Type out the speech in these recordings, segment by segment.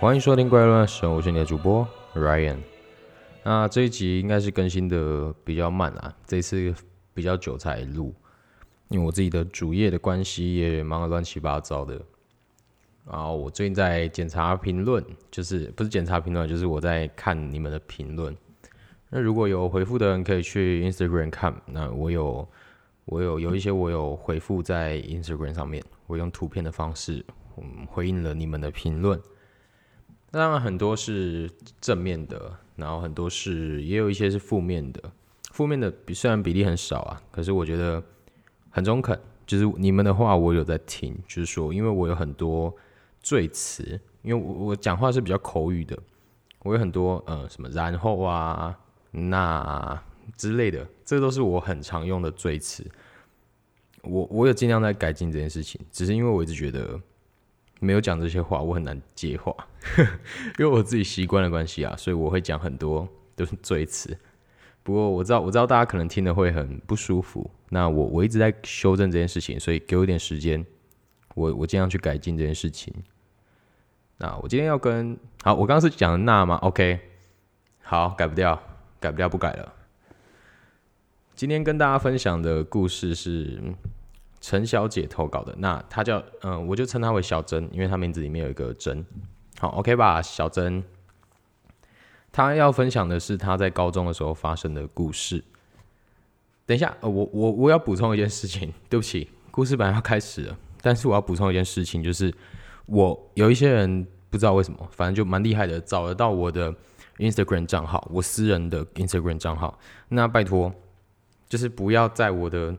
歡迎收聽怪論，我是你的主播 Ryan。那這一集應該是更新的比較慢啊，這一次比較久才錄，因為我自己的主業的關係也忙得亂七八糟的。然後我最近在檢查評論，就是不是檢查評論，就是我在看你們的評論。那如果有回復的人，可以去 Instagram 看。那我有我有有一些我有回復在 Instagram 上面，我用圖片的方式，嗯，回應了你們的評論。當然，很多是正面的，然後很多是也有一些是負面的。負面的比雖然比例很少啊，可是我覺得很中肯，就是你們的話我有在聽，就是說，因為我有很多贅詞，因為我我講話是比較口語的，我有很多呃什麼然後啊那之類的，這都是我很常用的贅詞。我我有盡量在改進這件事情，只是因為我一直覺得。沒有講這些話，我很難接話， 因為我自己習慣的關係啊，所以我會講很多贅詞。不過我知道，我知道大家可能聽的會很不舒服。那我我一直在修正這件事情，所以給我一點時間，我我盡量去改進這件事情。那我今天要跟好，我剛剛是講那嗎？OK，好，改不掉，改不掉，不改了。今天跟大家分享的故事是。陳小姐投稿的，那她叫嗯，我就稱她為小珍，因為她名字裡面有一個珍。好，OK 吧？小珍，她要分享的是她在高中的時候發生的故事。等一下，呃、我我我要補充一件事情，對不起，故事本來要開始了，但是我要補充一件事情，就是我有一些人不知道為什麼，反正就蠻厲害的，找得到我的 Instagram 賬號，我私人的 Instagram 賬號。那拜託，就是不要在我的。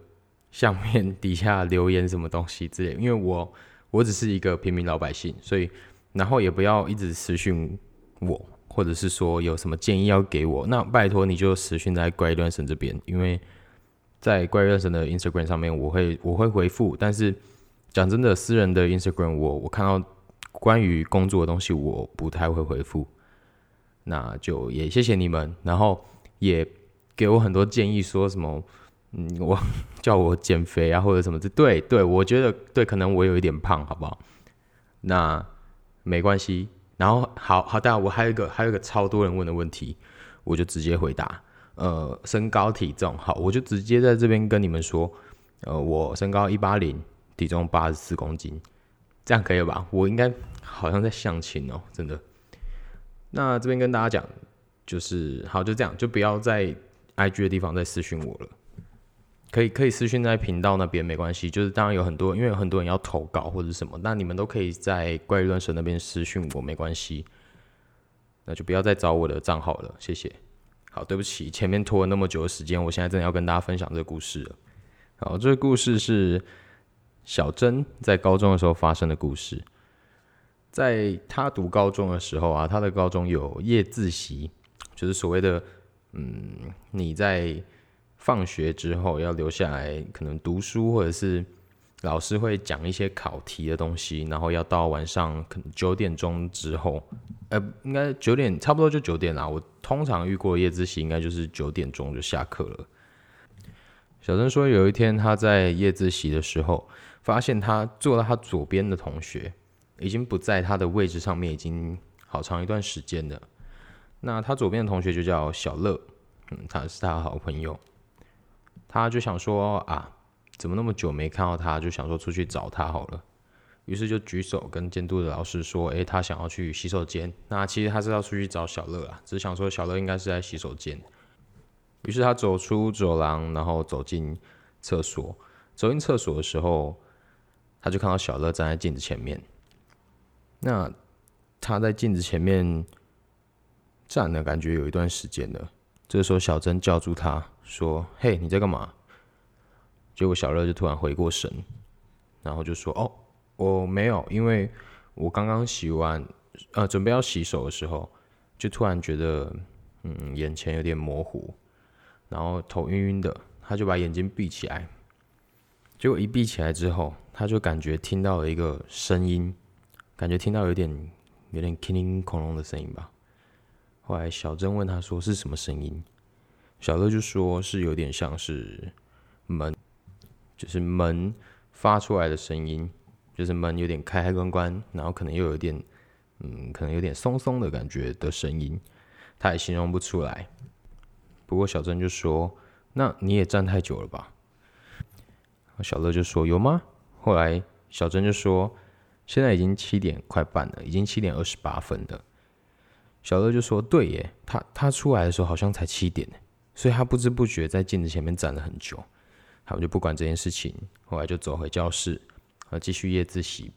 下面底下留言什麼東西之類的，因為我我只是一個平民老百姓，所以然後也不要一直私訊我，或者是說有什麼建議要給我，那拜託你就私訊在怪力亂神這邊，因為在怪力亂神的 Instagram 上面我會我會回復，但是講真的，私人的 Instagram 我我看到關於工作的東西我不太會回復。那就也謝謝你們，然後也給我很多建議說什麼。嗯，我叫我減肥啊，或者什麼，對對，我覺得對，可能我有一點胖，好不好？那沒關係。然後，好好，待會，我還有一個，還有一個超多人問的問題，我就直接回答。呃，身高體重，好，我就直接在這邊跟你們說。呃，我身高一八零，體重八十四公斤，這樣可以了吧？我應該好像在相親哦，真的。那這邊跟大家講，就是好，就這樣，就不要在 IG 的地方再私訊我了。可以可以私訊在頻道那邊沒關係，就是當然有很多，因為有很多人要投稿或者什麼，那你們都可以在怪力亂神那邊私訊我沒關係，那就不要再找我的賬號了，謝謝。好，對不起，前面拖了那麼久的時間，我現在真的要跟大家分享這個故事了。好，這個故事是小珍在高中的時候發生的故事，在他讀高中的時候啊，他的高中有夜自習，就是所謂的嗯，你在。放學之後要留下來，可能讀書或者是老師會講一些考題的東西，然後要到晚上可能九點鐘之後，呃，應該九點差不多就九點啦，我通常遇過夜自習，應該就是九點鐘就下課了。小曾說，有一天他在夜自習的時候，發現他坐在他左邊的同學已經不在他的位置上面，已經好長一段時間了。那他左邊的同學就叫小樂，嗯，他是他的好朋友。他就想說啊，怎麼那麼久沒看到他？就想說出去找他好了。於是就舉手跟監督的老師說：“誒、欸，他想要去洗手間。”那其實他是要出去找小樂啊，只是想說小樂應該是在洗手間。於是他走出走廊，然後走進廁所。走進廁所的時候，他就看到小樂站在鏡子前面。那他在鏡子前面站了，感覺有一段時間了。這個時候，小珍叫住他，說：“嘿，你在幹嘛？”結果小樂就突然回過神，然後就說：“哦，我沒有，因為我剛剛洗完，呃，準備要洗手的時候，就突然覺得，嗯，眼前有點模糊，然後頭暈暈的。他就把眼睛閉起來，結果一閉起來之後，他就感覺聽到了一個聲音，感覺聽到有點有點聽恐龍的聲音吧。”後來，小珍問他說：“是什麼聲音？”小樂就說是有點像是門，就是門發出來的聲音，就是門有點開開關關，然後可能又有點，嗯，可能有點鬆鬆的感覺的聲音。他也形容不出來。不過，小珍就說：“那你也站太久了吧？”小樂就說：“有嗎？”後來，小珍就說：“現在已經七點快半了，已經七點二十八分了。”小樂就說：“對耶，他他出來的時候好像才七點，所以他不知不覺在鏡子前面站了很久。他們就不管這件事情，後來就走回教室，繼續夜自習。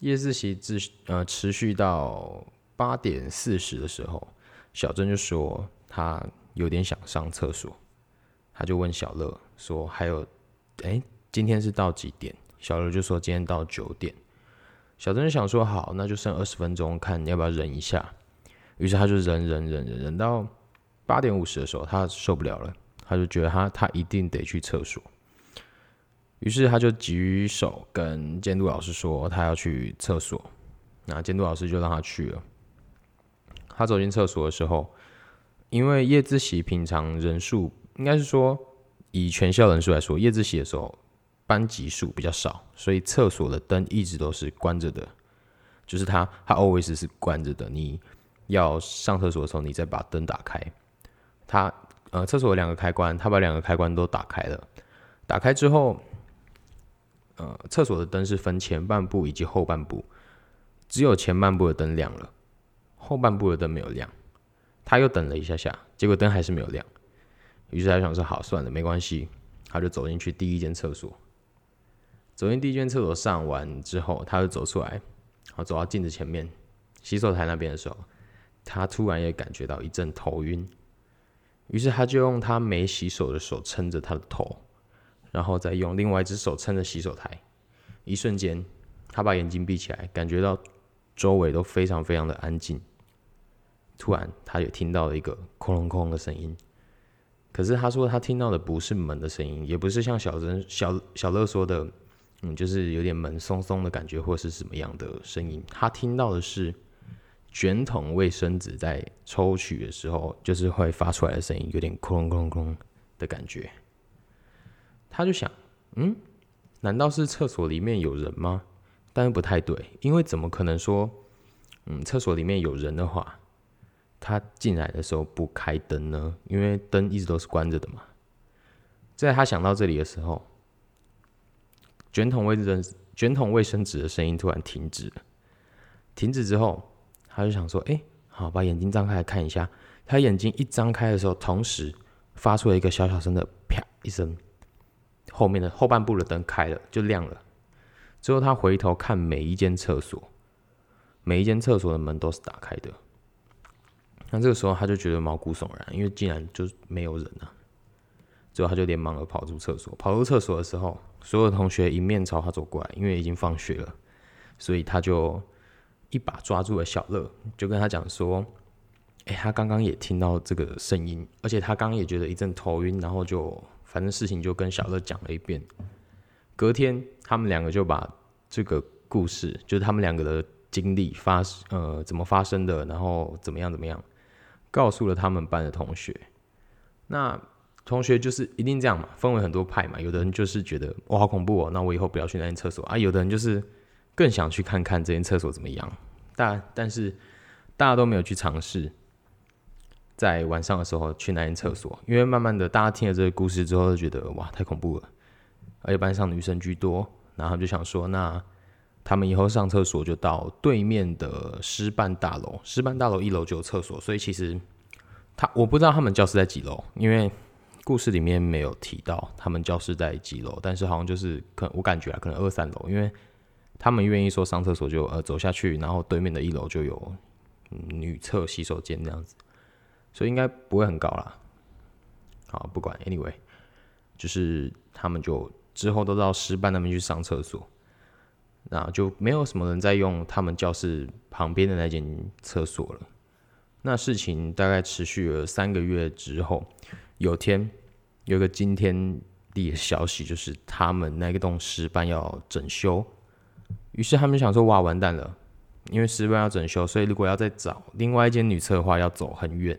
夜自習自呃持續到八點四十的時候，小鄭就說他有點想上廁所，他就問小樂說：還有，哎，今天是到幾點？小樂就說：今天到九點。”小珍想說好，那就剩二十分鐘，看你要不要忍一下。於是他就忍忍忍忍忍到八點五十的時候，他受不了了，他就覺得他他一定得去廁所。於是他就舉手跟監督老師說他要去廁所，那監督老師就讓他去了。他走進廁所的時候，因為夜自習平常人數應該是說以全校人數來說，夜自習的時候。班級數比較少，所以廁所的燈一直都是關着的。就是它，它 always 是關着的。你要上廁所的時候，你再把燈打開。他，呃，廁所有兩個開關，他把兩個開關都打開了。打開之後，呃，廁所的燈是分前半部以及後半部，只有前半部的燈亮了，後半部的燈沒有亮。他又等了一下下，結果燈還是沒有亮。於是他想說：“好，算了，沒關係。”他就走進去第一間廁所。走進第一間廁所上完之後，他就走出來，好走到鏡子前面、洗手台那邊的時候，他突然也感覺到一陣頭暈，於是他就用他沒洗手的手撐着他的頭，然後再用另外一只手撐着洗手台。一瞬間，他把眼睛閉起來，感覺到周圍都非常非常的安靜。突然，他也聽到了一個“哐隆哐隆”的聲音，可是他說他聽到的不是門的聲音，也不是像小珍、小小樂說的。嗯，就是有點門鬆松的感覺，或是什麼樣的聲音？他聽到的是捲筒衛生紙在抽取的時候就是會發出來的聲音，有點空空空的感覺。他就想，嗯，難道是廁所裡面有人嗎？但又不太對，因為怎麼可能說，嗯，廁所裡面有人的話，他進來的時候不開燈呢？因為燈一直都是關着的嘛。在他想到這裡的時候，卷筒衛生卷筒衛生紙的聲音突然停止了。停止之後，他就想說：“哎，好，把眼睛張開來看一下。”他眼睛一張開的時候，同時發出了一個小小聲的“啪”一聲，後面的後半部的燈開了，就亮了。之後他回頭看，每一間廁所，每一間廁所的門都是打開的。那這個時候，他就覺得毛骨悚然，因為竟然就沒有人了。所以他就連忙的跑出廁所，跑出廁所的時候，所有的同學迎面朝他走過來。因為已經放學了，所以他就一把抓住了小樂，就跟他講說：“哎、欸，他剛剛也聽到這個聲音，而且他剛也覺得一陣頭暈，然後就反正事情就跟小樂講了一遍。隔天，他們兩個就把這個故事，就是他們兩個的經歷發呃怎麼發生的，然後怎麼樣怎麼樣，告訴了他們班的同學。那。”同學就是一定這樣嘛，分為很多派嘛。有的人就是覺得哇好恐怖哦、喔，那我以後不要去那間廁所啊。有的人就是更想去看看這間廁所怎麼樣。但但是大家都沒有去嘗試在晚上的時候去那間廁所，因為慢慢的大家聽了這個故事之後就覺得哇太恐怖了。而且班上女生居多，然後就想說那他們以後上廁所就到對面的師範大樓，師範大樓一樓就有廁所，所以其實他我不知道他們教室在幾樓，因為。故事裡面沒有提到他們教室在幾樓，但是好像就是可能我感覺啊，可能二三樓，因為他們願意說上廁所就呃走下去，然後對面的一樓就有、嗯、女廁洗手間這樣子，所以應該不會很高啦。好，不管，anyway，就是他們就之後都到師辦那邊去上廁所，那就沒有什麼人再用他們教室旁邊的那間廁所了。那事情大概持續了三個月之後，有天。有個驚天地的消息，就是他們那個棟十班要整修，於是他們想說：“哇，完蛋了，因為十班要整修，所以如果要再找另外一間女廁的話，要走很遠。”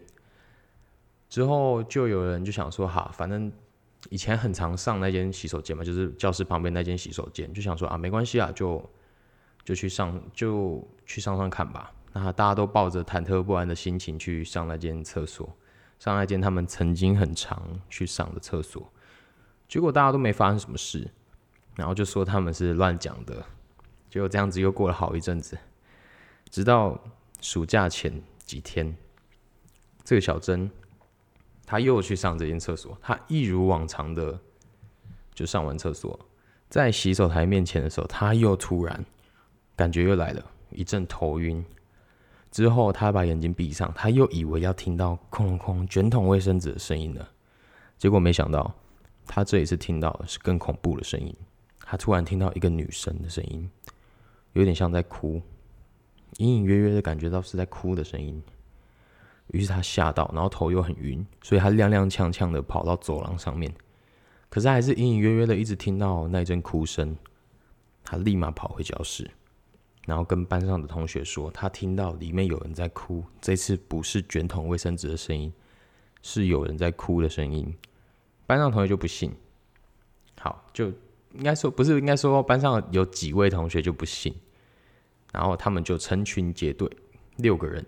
之後就有人就想說：“哈，反正以前很常上那間洗手間嘛，就是教室旁邊那間洗手間，就想說啊，沒關係啊，就就去上，就去上上看吧。”那大家都抱着忐忑不安的心情去上那間廁所。上那間他們曾經很常去上的廁所，結果大家都沒發生什麼事，然後就說他們是亂講的，結果這樣子又過了好一陣子，直到暑假前幾天，這個小珍，他又去上這間廁所，他一如往常的就上完廁所，在洗手台面前的時候，他又突然，感覺又來了，一陣頭暈。之後，他把眼睛閉上，他又以為要聽到哄哄“空空卷筒衛生紙”的聲音了，結果沒想到，他這一次是聽到的是更恐怖的聲音。他突然聽到一個女生的聲音，有點像在哭，隱隱約約的感覺到是在哭的聲音。於是他嚇到，然後頭又很暈，所以他踉踉蹌蹌的跑到走廊上面，可是還是隱隱約約的一直聽到那一陣哭聲。他立馬跑回教室。然後跟班上的同學說，他聽到裡面有人在哭。這次不是卷筒衛生紙的聲音，是有人在哭的聲音。班上的同學就不信。好，就應該說不是，應該說班上有幾位同學就不信。然後他們就成群結隊，六個人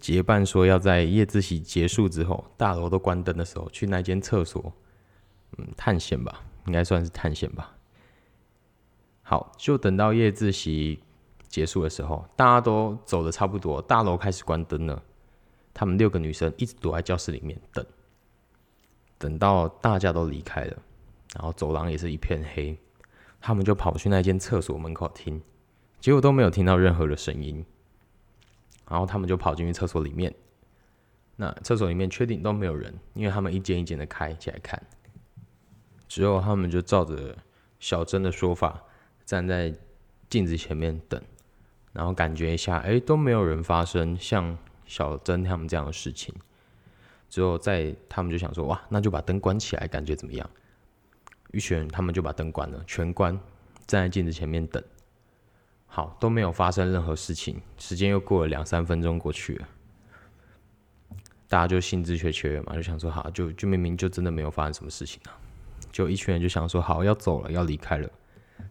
結伴，說要在夜自習結束之後，大樓都關燈的時候，去那間廁所，嗯，探險吧，應該算是探險吧。好，就等到夜自習，結束的時候，大家都走的差不多，大樓開始關燈了。他們六個女生一直躲在教室裡面等，等到大家都離開了，然後走廊也是一片黑，他們就跑去那間廁所門口聽，結果都沒有聽到任何的聲音。然後他們就跑進去廁所裡面，那廁所裡面確定都沒有人，因為他們一間一間的開起來看。之後他們就照着小珍的說法，站在鏡子前面等。然後感覺一下，哎，都沒有人發生像小曾他們這樣的事情。之後在他們就想說，哇，那就把燈關起來，感覺怎麼樣？一群人他們就把燈關了，全關，站在鏡子前面等。好，都沒有發生任何事情。時間又過了兩三分鐘過去了，大家就興致缺缺嘛，就想說，好，就就明明就真的沒有發生什麼事情啊。就一群人就想說，好，要走了，要離開了。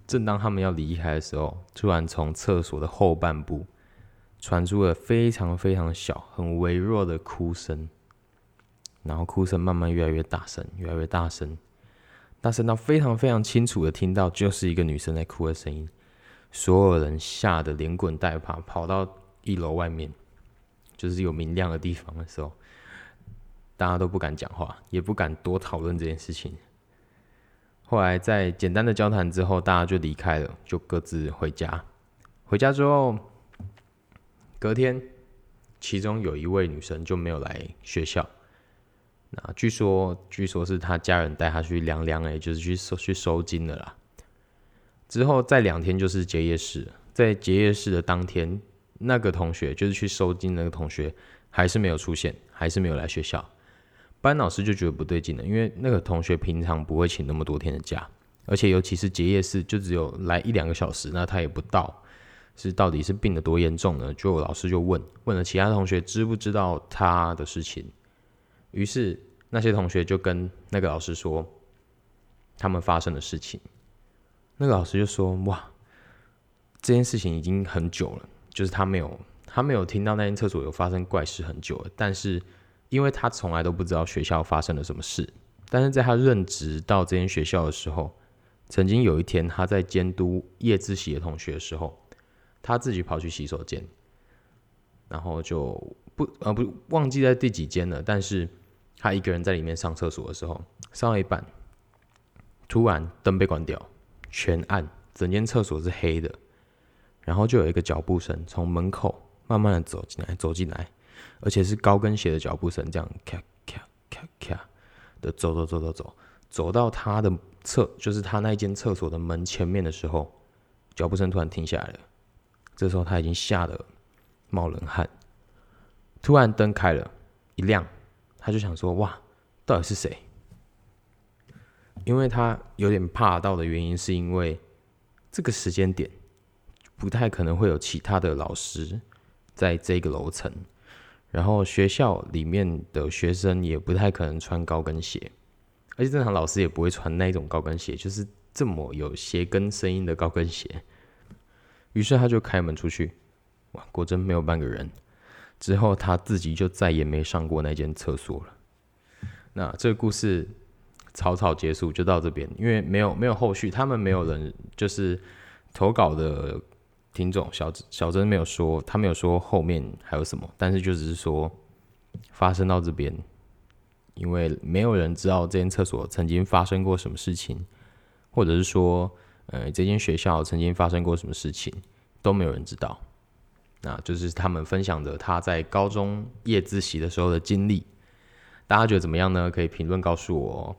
正當他們要離開的時候，突然從廁所的後半部傳出了非常非常小、很微弱的哭聲，然後哭聲慢慢越來越大聲，越來越大聲，大聲到非常非常清楚的聽到就是一個女生在哭的聲音。所有人嚇得連滾帶爬跑到一樓外面，就是有明亮的地方的時候，大家都不敢講話，也不敢多討論這件事情。後來在簡單的交談之後，大家就離開了，就各自回家。回家之後，隔天，其中有一位女生就沒有來學校。那據說，據說是她家人帶她去量量，哎，就是去收去收金的啦。之後再兩天就是結業式，在結業式的當天，那個同學就是去收金那個同學，還是沒有出現，還是沒有來學校。班老師就覺得不對勁了，因為那個同學平常不會請那麼多天的假，而且尤其是結業式，就只有來一兩個小時，那他也不到，是到底是病得多嚴重呢？就老師就問，問了其他同學知不知道他的事情，於是那些同學就跟那個老師說他們發生的事情，那個老師就說：“哇，這件事情已經很久了，就是他沒有，他沒有聽到那間廁所有發生怪事很久了，但是。”因為他從來都不知道學校發生了什麼事，但是在他任職到這間學校的時候，曾經有一天他在監督夜自習的同學的時候，他自己跑去洗手間，然後就不，呃，不，忘記在第幾間了。但是他一個人在裡面上廁所的時候，上到一半，突然燈被關掉，全暗，整間廁所是黑的，然後就有一個腳步聲從門口慢慢的走進來，走進來。而且是高跟鞋的腳步聲，這樣咔咔咔咔的走走走走走，走到他的廁，就是他那間廁所的門前面的時候，腳步聲突然停下來了。這時候他已經嚇得冒冷汗，突然燈開了，一亮，他就想說：“哇，到底是誰？”因為他有點怕到的原因，是因為這個時間點不太可能會有其他的老師在這個樓層。然後學校裡面的學生也不太可能穿高跟鞋，而且正常老師也不會穿那種高跟鞋，就是這麼有鞋跟聲音的高跟鞋。於是他就開門出去，哇，果真沒有半個人。之後他自己就再也沒上過那間廁所了。那這個故事草草結束，就到這邊，因為沒有沒有後續，他們沒有人就是投稿的。聽眾小小珍沒有說，他沒有說後面還有什麼，但是就只是說發生到這邊，因為沒有人知道這間廁所曾經發生過什麼事情，或者是說，呃，這間學校曾經發生過什麼事情都沒有人知道。那就是他們分享着他在高中夜自習的時候的經歷，大家覺得怎麼樣呢？可以評論告訴我哦。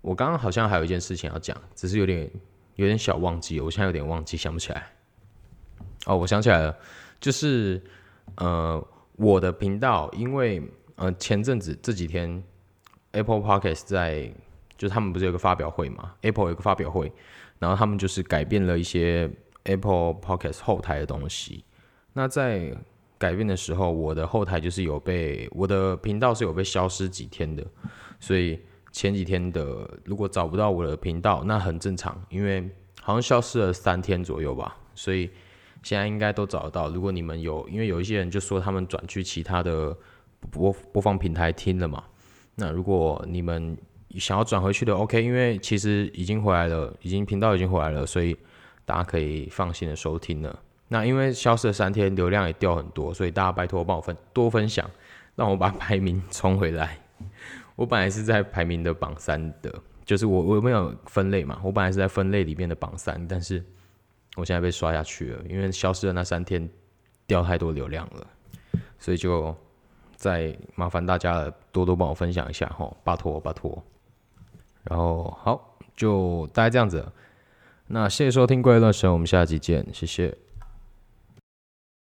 我剛剛好像還有一件事情要講，只是有點有點小忘記，我現在有點忘記，想不起來。哦，我想起來了，就是，呃，我的頻道，因為，呃，前陣子這幾天，Apple Podcast 在，就他們不是有個發表會嘛？Apple 有個發表會，然後他們就是改變了一些 Apple Podcast 後台的東西。那在改變的時候，我的後台就是有被我的頻道是有被消失幾天的，所以前幾天的如果找不到我的頻道，那很正常，因為好像消失了三天左右吧，所以。現在應該都找得到。如果你們有，因為有一些人就說他們轉去其他的播播放平台聽了嘛，那如果你們想要轉回去的，OK，因為其實已經回來了，已經頻道已經回來了，所以大家可以放心的收聽了。那因為消失了三天，流量也掉很多，所以大家拜託我幫我分，多分享，讓我把排名衝回來。 我本來是在排名的榜三的，就是我我沒有分類嘛，我本來是在分類裡面的榜三，但是。我現在被刷下去了，因為消失的那三天掉太多流量了，所以就再麻煩大家多多幫我分享一下齁，拜託拜託。然後好，就大概這樣子，那謝謝收聽怪誕神，我們下期見，謝謝。